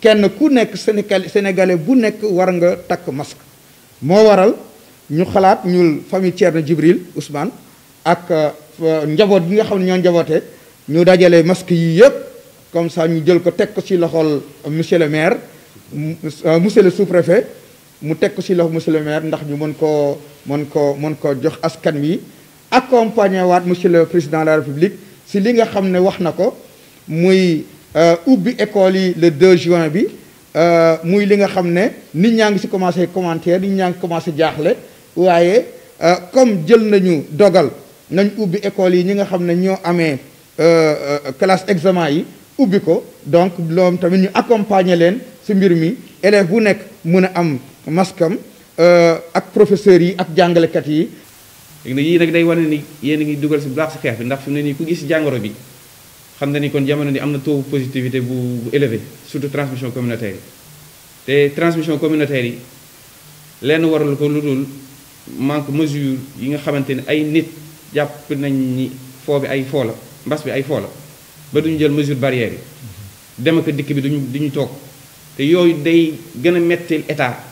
kenn ku nekk Sénégal bu nekk war nga takk mask moo waral ñu xalaat ñul famille Thierno Djibril Ousmane ak euh, njaboot bi nga xam ne ñoo njabootee ñu dajale mask yi yëpp comme ça ñu jël ko teg ko ci loxol monsieur le maire euh, monsieur le sous-préfet mu teg ko ci loxo monsieur le maire ndax ñu mën koo mën koo mën koo jox askan wi accompagné waat monsieur le président la république si li nga xam ne wax na ko muy euh, ubbi école yi le 2 juin bi euh, muy li nga xam ne nit ñaa ngi si commencé commentaire nit ñaa ngi commencé jaaxle waaye euh, comme jël nañu dogal nañ ubbi école yi ñi nga xam ne ñoo amee classe examen yi ubbi ko donc loolu tamit ñu accompagner leen si mbir mi élève bu nekk mën a am maskam ak professeurs yi ak jàngalekat yi léegi nag yii nag day wane ni yéen a ngi dugal si blaax si xeex bi ndax fi mu ne nii ku gis jàngoro bi xam na ni kon jamono ni am na taux positivité bu bu élevé surtout transmission communautaire yi te transmission communautaire yi lenn waral ko lu dul manque mesure yi nga xamante ni ay nit jàpp nañ ni foo bi ay foola la mbas bi ay foola la ba duñu jël mesure barrière yi mm-hmm. dem ak dikk bi duñu duñu toog te yooyu day gën a metteel état